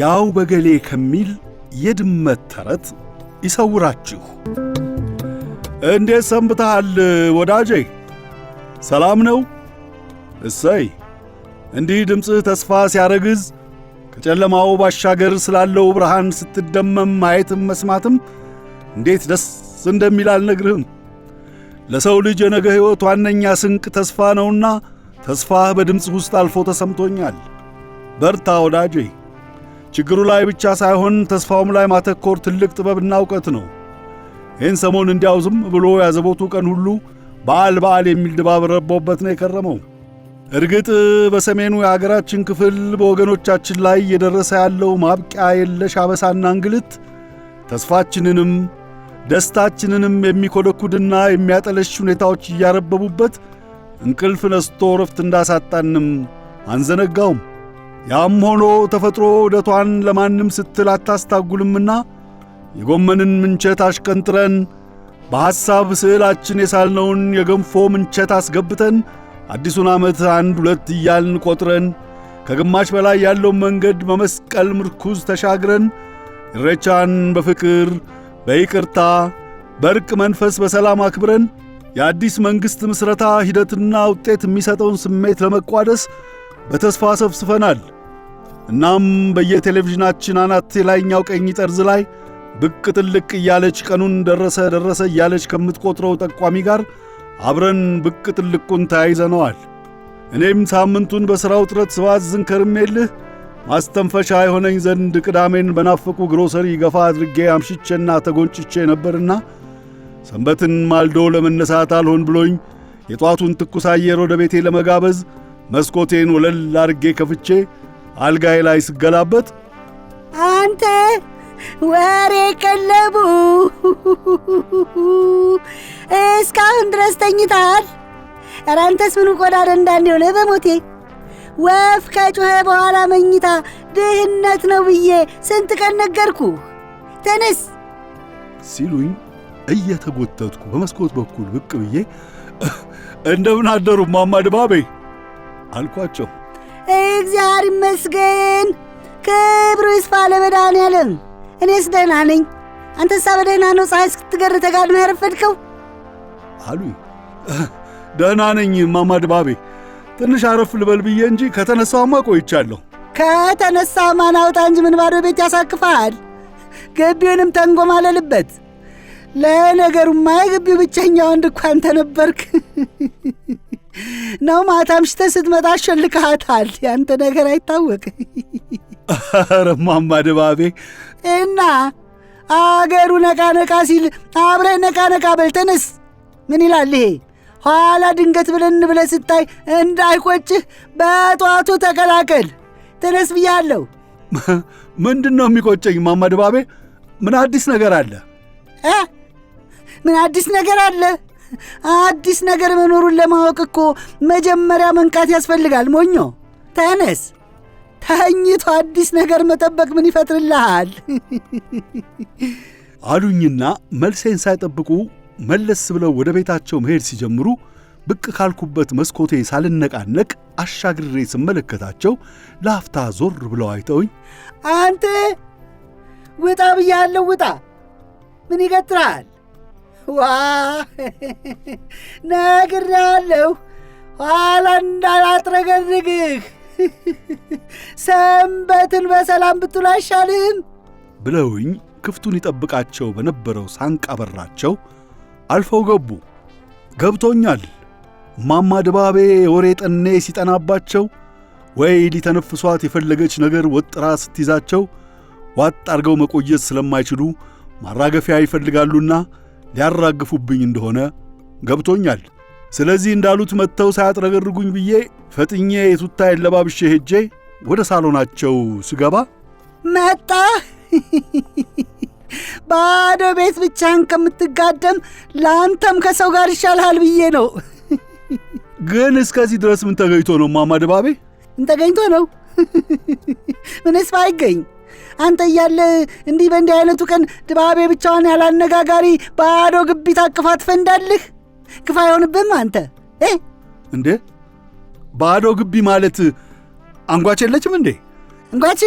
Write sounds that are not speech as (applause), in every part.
ያው በገሌ ከሚል የድመት ተረት ይሰውራችሁ። እንዴት ሰንብተሃል ወዳጄ? ሰላም ነው? እሰይ። እንዲህ ድምፅህ ተስፋ ሲያረግዝ ከጨለማው ባሻገር ስላለው ብርሃን ስትደመም ማየትም መስማትም እንዴት ደስ እንደሚል አልነግርህም። ለሰው ልጅ የነገ ሕይወት ዋነኛ ስንቅ ተስፋ ነውና ተስፋህ በድምፅህ ውስጥ አልፎ ተሰምቶኛል። በርታ ወዳጄ። ችግሩ ላይ ብቻ ሳይሆን ተስፋውም ላይ ማተኮር ትልቅ ጥበብና እውቀት ነው። ይህን ሰሞን እንዲያው ዝም ብሎ ያዘቦቱ ቀን ሁሉ በዓል በዓል የሚል ድባብ ረቦበት ነው የከረመው። እርግጥ በሰሜኑ የአገራችን ክፍል በወገኖቻችን ላይ እየደረሰ ያለው ማብቂያ የለሽ አበሳና እንግልት ተስፋችንንም ደስታችንንም የሚኮደኩድና የሚያጠለሽ ሁኔታዎች እያረበቡበት እንቅልፍ ነስቶ ረፍት እንዳሳጣንም አንዘነጋውም። ያም ሆኖ ተፈጥሮ ዑደቷን ለማንም ስትል አታስታጉልምና የጎመንን ምንቸት አሽቀንጥረን በሐሳብ ስዕላችን የሳልነውን የገንፎ ምንቸት አስገብተን አዲሱን ዓመት አንድ ሁለት እያልን ቆጥረን ከግማሽ በላይ ያለውን መንገድ በመስቀል ምርኩዝ ተሻግረን ኢሬቻን በፍቅር በይቅርታ በርቅ መንፈስ በሰላም አክብረን የአዲስ መንግሥት ምስረታ ሂደትና ውጤት የሚሰጠውን ስሜት ለመቋደስ በተስፋ ሰብስፈናል። እናም በየቴሌቪዥናችን አናት የላይኛው ቀኝ ጠርዝ ላይ ብቅ ጥልቅ እያለች ቀኑን ደረሰ ደረሰ እያለች ከምትቆጥረው ጠቋሚ ጋር አብረን ብቅ ጥልቁን ተያይዘነዋል። እኔም ሳምንቱን በሥራ ውጥረት ስባዝን ከርሜልህ ማስተንፈሻ የሆነኝ ዘንድ ቅዳሜን በናፈቁ ግሮሰሪ ገፋ አድርጌ አምሽቼና ተጎንጭቼ ነበርና ሰንበትን ማልዶ ለመነሳት አልሆን ብሎኝ የጧቱን ትኩስ አየር ወደ ቤቴ ለመጋበዝ መስኮቴን ወለል አርጌ ከፍቼ አልጋዬ ላይ ስገላበት አንተ ወሬ ቀለቡ እስካሁን ድረስ ተኝታል ኧረ አንተስ ምኑ ቆዳ ደንዳ የሆነህ በሞቴ ወፍ ከጩኸ በኋላ መኝታ ድህነት ነው ብዬ ስንት ቀን ነገርኩ። ተነስ ሲሉኝ እየተጎተትኩ በመስኮት በኩል ብቅ ብዬ እንደምን አደሩ ማማ ድባቤ አልኳቸው። እግዚአብሔር ይመስገን፣ ክብሩ ይስፋ ለመድኃኔዓለም። እኔስ ደህና ነኝ፣ አንተሳ በደህና ነው? ፀሐይ እስክትገር ተጋድመህ ያረፈድከው አሉ። ደህና ነኝ እማማ ድባቤ፣ ትንሽ አረፍ ልበል ብዬ እንጂ ከተነሳውማ ቆይቻለሁ። ከተነሳ ማን አውጣ እንጂ ምን ባዶ ቤት ያሳክፋል። ግቢውንም ተንጎማለልበት። ለነገሩማ የግቢው ብቸኛ ወንድ እኳ አንተ ነበርክ። (laughs) ነው ማታ አምሽተህ ስትመጣ አሸልክሃታል። ያንተ ነገር አይታወቅ። ኧረ እማማ ድባቤ እና አገሩ ነቃ ነቃ ሲል አብረህ ነቃ ነቃ በል ተነስ። ምን ይላል ይሄ? ኋላ ድንገት ብለን ብለህ ስታይ እንዳይቆጭህ በጠዋቱ ተቀላቀል። ተነስ ብያለሁ። ምንድን ነው የሚቆጨኝ? እማማ ድባቤ ምን አዲስ ነገር አለ? ምን አዲስ ነገር አለ? አዲስ ነገር መኖሩን ለማወቅ እኮ መጀመሪያ መንቃት ያስፈልጋል። ሞኞ ተነስ። ተኝቶ አዲስ ነገር መጠበቅ ምን ይፈጥርልሃል? (laughs) አሉኝና መልሴን ሳይጠብቁ መለስ ብለው ወደ ቤታቸው መሄድ ሲጀምሩ ብቅ ካልኩበት መስኮቴ ሳልነቃነቅ አሻግሬ ስመለከታቸው ለአፍታ ዞር ብለው አይተውኝ፣ አንተ ውጣ ብያለሁ ውጣ፣ ምን ይገጥራል ዋ ነግሬሃለሁ፣ ኋላ እንዳላጥረገዝግህ ሰንበትን በሰላም ብትውል አይሻልህም ብለውኝ ክፍቱን ይጠብቃቸው በነበረው ሳንቃ በራቸው አልፈው ገቡ። ገብቶኛል። ማማ ድባቤ ወሬ ጠኔ ሲጠናባቸው ወይ ሊተነፍሷት የፈለገች ነገር ወጥራ ስትይዛቸው ዋጥ አድርገው መቆየት ስለማይችሉ ማራገፊያ ይፈልጋሉና ሊያራግፉብኝ እንደሆነ ገብቶኛል። ስለዚህ እንዳሉት መጥተው ሳያጥረገርጉኝ ብዬ ፈጥኜ የቱታ የለባብሼ ሄጄ ወደ ሳሎናቸው ስገባ መጣ (laughs) ባዶ ቤት ብቻህን ከምትጋደም ለአንተም ከሰው ጋር ይሻልሃል ብዬ ነው። (laughs) ግን እስከዚህ ድረስ ምን ተገኝቶ ነው ማማ ድባቤ? ምን ተገኝቶ ነው? (laughs) ምንስ ባይገኝ አንተ እያለ እንዲህ በእንዲህ አይነቱ ቀን ድባቤ ብቻዋን ያላነጋጋሪ ባዶ ግቢ ታቅፋ ትፈንዳልህ? ክፋ አይሆንብህም አንተ እንዴ? ባዶ ግቢ ማለት አንጓች የለችም እንዴ? አንጓች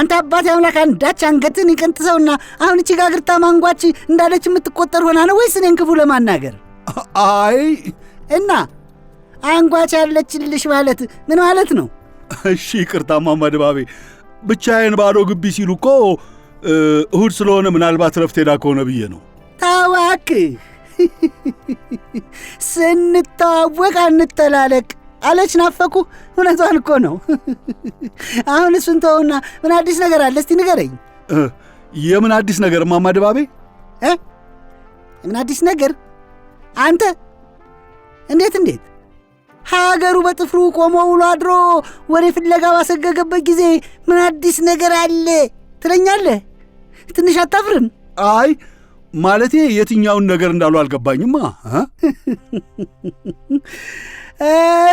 አንተ አባት አምላክ አንዳች አንገትን ይቀንጥ ሰውና አሁን እቺ ጋግርታ ማንጓች እንዳለች የምትቆጠር ሆና ነው ወይስ እኔን ክፉ ለማናገር? አይ እና አንጓች ያለችልሽ ማለት ምን ማለት ነው? እሺ ይቅርታ ድባቤ ብቻዬን ባዶ ግቢ ሲሉ እኮ እሁድ ስለሆነ ምናልባት ረፍት ሄዳ ከሆነ ብዬ ነው። ታዋክህ ስንታወቅ አንተላለቅ አለች ናፈኩ። እውነቷን እኮ ነው። አሁን እሱን ተውና ምን አዲስ ነገር አለ እስቲ ንገረኝ። የምን አዲስ ነገር እማማ ድባቤ? ምን አዲስ ነገር አንተ? እንዴት እንዴት ሀገሩ በጥፍሩ ቆሞ ውሎ አድሮ ወሬ ፍለጋ ባሰገገበት ጊዜ ምን አዲስ ነገር አለ ትለኛለህ? ትንሽ አታፍርም? አይ ማለቴ የትኛውን ነገር እንዳሉ አልገባኝማ።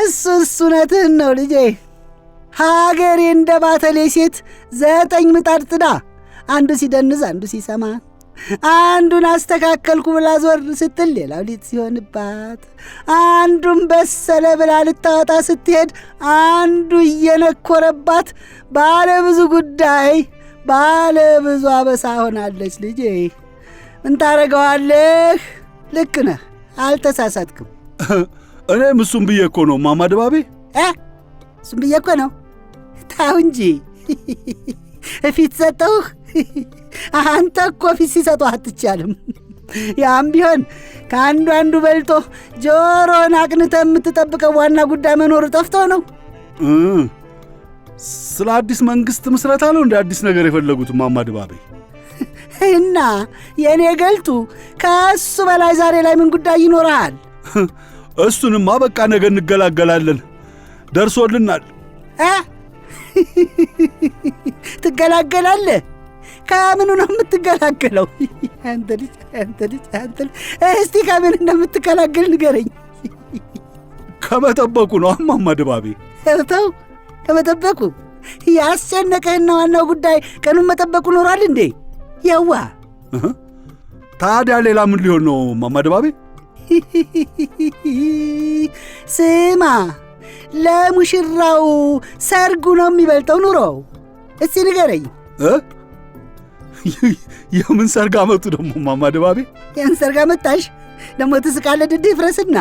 እሱ እሱነትህን ነው ልጄ። ሀገሬ እንደ ባተሌ ሴት ዘጠኝ ምጣድ ጥዳ አንዱ ሲደንዝ አንዱ ሲሰማ አንዱን አስተካከልኩ ብላ ዞር ስትል ሌላው ሊጥ ሲሆንባት፣ አንዱን በሰለ ብላ ልታወጣ ስትሄድ አንዱ እየነኮረባት ባለ ብዙ ጉዳይ ባለ ብዙ አበሳ ሆናለች። ልጄ ምን ልክ ነህ፣ አልተሳሳትክም። (laughs) እኔም እሱም ብዬ እኮ ነው ማማ ድባቤ፣ እሱም ብዬ እኮ ነው። ታው እንጂ እፊት (laughs) (laughs) አንተ እኮ ፊት ሲሰጡ አትቻልም። ያም ቢሆን ከአንዱ አንዱ በልጦ ጆሮን አቅንተ የምትጠብቀው ዋና ጉዳይ መኖሩ ጠፍቶ ነው። ስለ አዲስ መንግሥት ምስረታ ነው እንደ አዲስ ነገር የፈለጉት ማማ ድባቤ እና የእኔ ገልቱ፣ ከእሱ በላይ ዛሬ ላይ ምን ጉዳይ ይኖረሃል? እሱንማ በቃ ነገ እንገላገላለን። ደርሶልናል። ትገላገላለህ? ከምኑ ነው የምትገላገለው? አንተ ልጅ አንተ ልጅ አንተ ልጅ እስቲ ከምን እንደምትገላገል ንገረኝ። ከመጠበቁ ነው አማማ ድባቤ። ተው ከመጠበቁ ያስጨነቀህና ዋናው ጉዳይ ቀኑን መጠበቁ ኖሯል እንዴ? የዋ ታዲያ ሌላ ምን ሊሆን ነው እማማ ድባቤ? ስማ ለሙሽራው ሰርጉ ነው የሚበልጠው ኑሮ እስቲ ንገረኝ (laughs) የምን ሰርግ አመጡ ደግሞ ማማ ድባቤ? ይህን ሰርግ አመጣሽ ደግሞ ትስቃለ ድድ ይፍረስና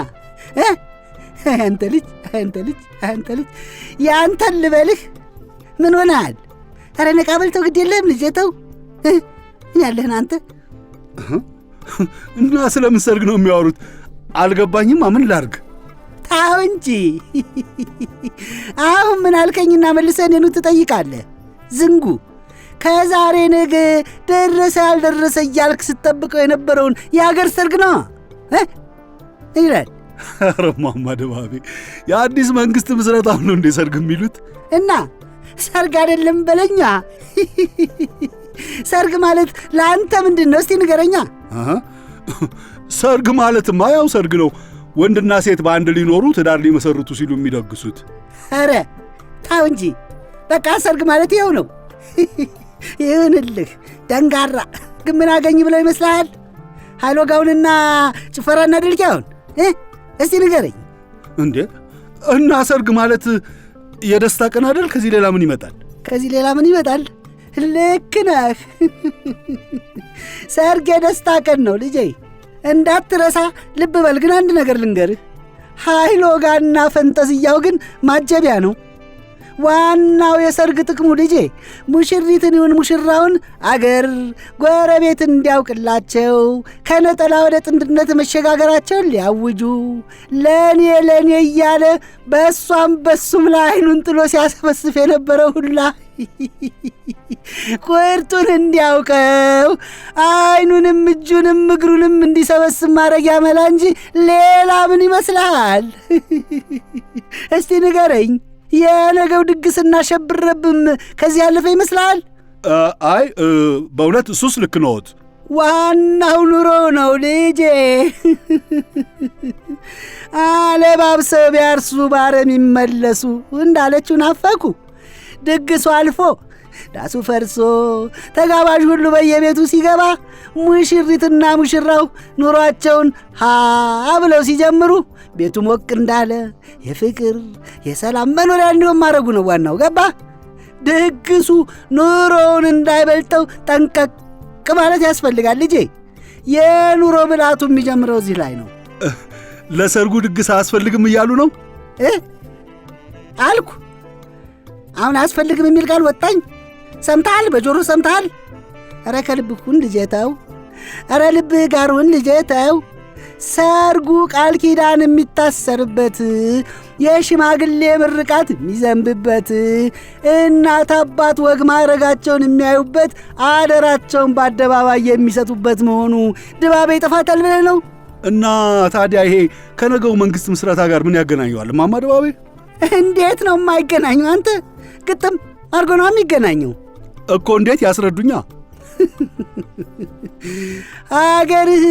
አንተ ልጅ አንተ ልጅ አንተ ልጅ የአንተን ልበልህ። ምን ሆነሃል? ኧረ ነቃ በልተው ግድ የለህም ልጄ ተው። ምን ያለህን አንተ እና ስለምን ሰርግ ነው የሚያወሩት? አልገባኝም። ምን ላርግ? ታው እንጂ አሁን ምን አልከኝና መልሰህ እኔኑ ትጠይቃለህ ዝንጉ ከዛሬ ነገ ደረሰ ያልደረሰ እያልክ ስጠብቀው የነበረውን የሀገር ሰርግ ነው ይላል። ረማማ ደባቤ የአዲስ መንግሥት ምስረት ነው እንዴ ሰርግ የሚሉት? እና ሰርግ አይደለም በለኛ። ሰርግ ማለት ለአንተ ምንድን ነው? እስቲ ንገረኛ። ሰርግ ማለትማ ያው ሰርግ ነው፣ ወንድና ሴት በአንድ ሊኖሩ ትዳር ሊመሰርቱ ሲሉ የሚደግሱት። ኧረ ታው እንጂ በቃ ሰርግ ማለት ይኸው ነው። ይሁንልህ ደንጋራ። ግን ምን አገኝ ብለው ይመስልሃል? ኃይሎ ጋውንና ጭፈራና ድልቂያውን እስቲ ንገረኝ እንዴ። እና ሰርግ ማለት የደስታ ቀን አይደል? ከዚህ ሌላ ምን ይመጣል? ከዚህ ሌላ ምን ይመጣል? ልክ ነህ። ሰርግ የደስታ ቀን ነው ልጄ፣ እንዳትረሳ። ልብ በል ግን አንድ ነገር ልንገርህ፣ ኃይሎ ጋና ፈንጠዝያው ግን ማጀቢያ ነው። ዋናው የሰርግ ጥቅሙ ልጄ ሙሽሪትን ይሁን ሙሽራውን አገር ጎረቤት እንዲያውቅላቸው ከነጠላ ወደ ጥንድነት መሸጋገራቸውን ሊያውጁ ለእኔ ለእኔ እያለ በእሷም በሱም ላይ አይኑን ጥሎ ሲያሰበስፍ የነበረ ሁላ ቁርጡን እንዲያውቀው አይኑንም እጁንም እግሩንም እንዲሰበስብ ማድረግ ያመላ እንጂ ሌላ ምን ይመስልሃል? እስቲ ንገረኝ። የነገው ድግስ እናሸብረብም ከዚህ ያለፈ ይመስላል። አይ በእውነት እሱስ ልክ ነዎት። ዋናው ኑሮ ነው ልጄ። አለባብሰው ቢያርሱ ባረም ይመለሱ እንዳለችው ናፈኩ። ድግሱ አልፎ ዳሱ ፈርሶ ተጋባዥ ሁሉ በየቤቱ ሲገባ ሙሽሪትና ሙሽራው ኑሯቸውን ሀ ብለው ሲጀምሩ ቤቱ ሞቅ እንዳለ የፍቅር የሰላም መኖሪያ እንዲሆን ማድረጉ ነው ዋናው። ገባ? ድግሱ ኑሮውን እንዳይበልጠው ጠንቀቅ ማለት ያስፈልጋል ልጄ። የኑሮ ብላቱ የሚጀምረው እዚህ ላይ ነው። ለሰርጉ ድግስ አያስፈልግም እያሉ ነው አልኩ። አሁን አያስፈልግም የሚል ቃል ወጣኝ። ሰምተሃል? በጆሮ ሰምተሃል? ኧረ ከልብህ ሁን ልጄ ተው። ኧረ ልብህ ጋር ሁን ልጄ ተው። ሰርጉ ቃል ኪዳን የሚታሰርበት የሽማግሌ ምርቃት የሚዘንብበት እናት አባት ወግ ማዕረጋቸውን የሚያዩበት አደራቸውን በአደባባይ የሚሰጡበት መሆኑ ድባቤ ይጠፋታል ብለህ ነው? እና ታዲያ ይሄ ከነገው መንግሥት ምስረታ ጋር ምን ያገናኘዋል? ማማ ድባቤ እንዴት ነው የማይገናኘው? አንተ ግጥም አርጎ ነው የሚገናኘው። እኮ እንዴት ያስረዱኛ። አገርህ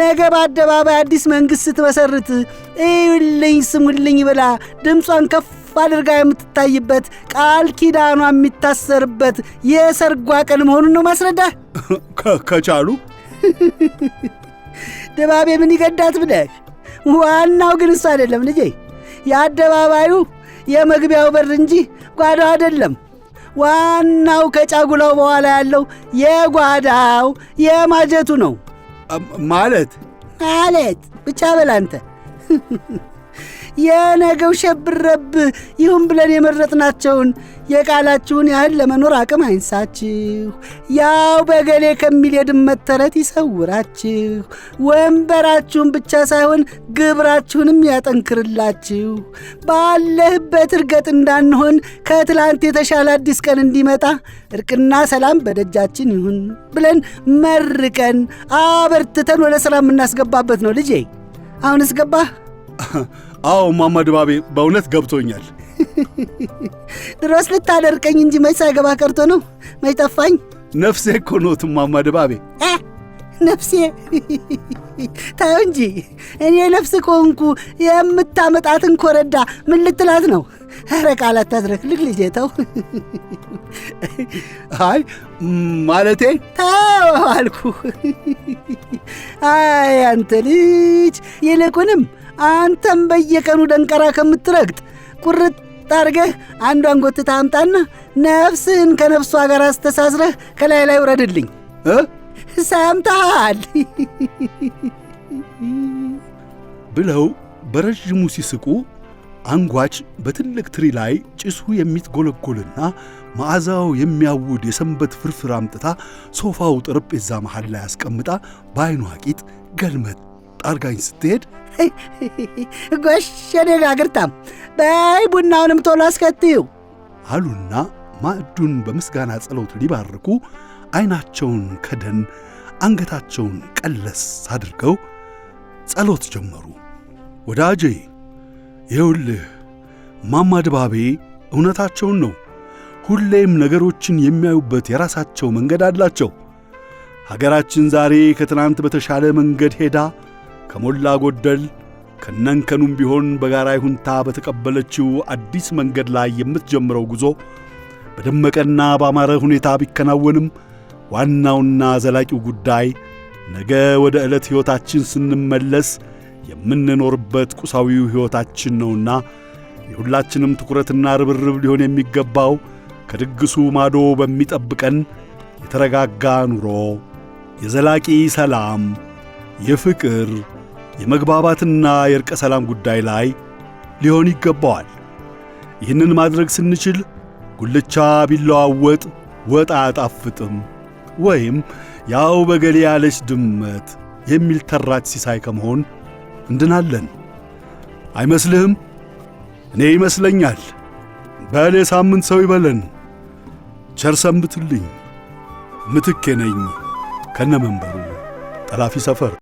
ነገ በአደባባይ አዲስ መንግሥት ስትመሰርት እዩልኝ ስሙልኝ ብላ ድምጿን ከፍ አድርጋ የምትታይበት ቃል ኪዳኗ የሚታሰርበት የሰርጓ ቀን መሆኑን ነው ማስረዳህ ከቻሉ ድባቤ ምን ይገዳት ብለህ። ዋናው ግን እሱ አይደለም ልጄ፣ የአደባባዩ የመግቢያው በር እንጂ ጓዳው አይደለም። ዋናው ከጫጉላው በኋላ ያለው የጓዳው የማጀቱ ነው ማለት ማለት ብቻ በላንተ የነገው ሸብረብ ይሁን ብለን የመረጥናቸውን የቃላችሁን ያህል ለመኖር አቅም አይንሳችሁ። ያው በገሌ ከሚል የድመት ተረት ይሰውራችሁ። ወንበራችሁን ብቻ ሳይሆን ግብራችሁንም ያጠንክርላችሁ። ባለህበት እርገጥ እንዳንሆን ከትላንት የተሻለ አዲስ ቀን እንዲመጣ እርቅና ሰላም በደጃችን ይሁን ብለን መርቀን አበርትተን ወደ ሥራ የምናስገባበት ነው። ልጄ አሁን እስገባህ። (laughs) አዎ ማማ ድባቤ በእውነት ገብቶኛል። ድሮስ ልታደርቀኝ እንጂ መች ሳይገባ ቀርቶ ነው። መች ጠፋኝ። ነፍሴ እኮ ኖት ማማ ድባቤ ነፍሴ ታዩ እንጂ እኔ ነፍስ ከሆንኩ የምታመጣትን ኮረዳ ምን ልትላት ነው? ኧረ ቃላት ታዝረክልክ ልጄ ተው። አይ ማለቴ ተው አልኩ። አይ አንተ ልጅ ይልቁንም አንተም በየቀኑ ደንቀራ ከምትረግጥ ቁርጥ አድርገህ አንዷን ጎትታ አምጣና ነፍስህን ከነፍሷ ጋር አስተሳስረህ ከላይ ላይ ውረድልኝ። ሰምተሃል ብለው በረዥሙ ሲስቁ አንጓች በትልቅ ትሪ ላይ ጭሱ የሚትጎለጎልና መዓዛው የሚያውድ የሰንበት ፍርፍር አምጥታ ሶፋው ጠረጴዛ መሃል ላይ አስቀምጣ በዐይኗ ቂጥ ገልመጥ አርጋኝ ስትሄድ ጎሸኔ የኔ ጋግርታም በይ ቡናውንም ቶሎ አስከትዩ አሉና ማዕዱን በምስጋና ጸሎት ሊባርኩ ዐይናቸውን ከደን አንገታቸውን ቀለስ አድርገው ጸሎት ጀመሩ። ወዳጄ ይኸውልህ ማማ ድባቤ እውነታቸውን ነው። ሁሌም ነገሮችን የሚያዩበት የራሳቸው መንገድ አላቸው። ሀገራችን ዛሬ ከትናንት በተሻለ መንገድ ሄዳ ከሞላ ጎደል ከነንከኑም ቢሆን በጋራ ይሁንታ በተቀበለችው አዲስ መንገድ ላይ የምትጀምረው ጉዞ በደመቀና በአማረ ሁኔታ ቢከናወንም ዋናውና ዘላቂው ጉዳይ ነገ ወደ ዕለት ሕይወታችን ስንመለስ የምንኖርበት ቁሳዊው ሕይወታችን ነውና የሁላችንም ትኩረትና ርብርብ ሊሆን የሚገባው ከድግሱ ማዶ በሚጠብቀን የተረጋጋ ኑሮ፣ የዘላቂ ሰላም፣ የፍቅር የመግባባትና የእርቀ ሰላም ጉዳይ ላይ ሊሆን ይገባዋል። ይህንን ማድረግ ስንችል ጉልቻ ቢለዋወጥ ወጥ አያጣፍጥም ወይም ያው በገሌ ያለች ድመት የሚል ተራች ሲሳይ ከመሆን እንድናለን። አይመስልህም? እኔ ይመስለኛል። በል የሳምንት ሰው ይበለን። ቸር ሰንብትልኝ። ምትኬ ነኝ ከነመንበሩ ጠላፊ ሰፈር